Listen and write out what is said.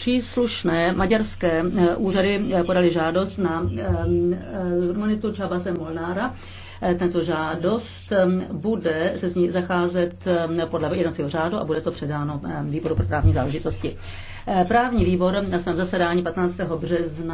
Příslušné maďarské eh, úřady eh, podali žádost na Rumanitu eh, Čabase Molnára, tento žádost bude se z ní zacházet podle jednacího řádu a bude to předáno výboru pro právní záležitosti. Právní výbor na svém zasedání 15. března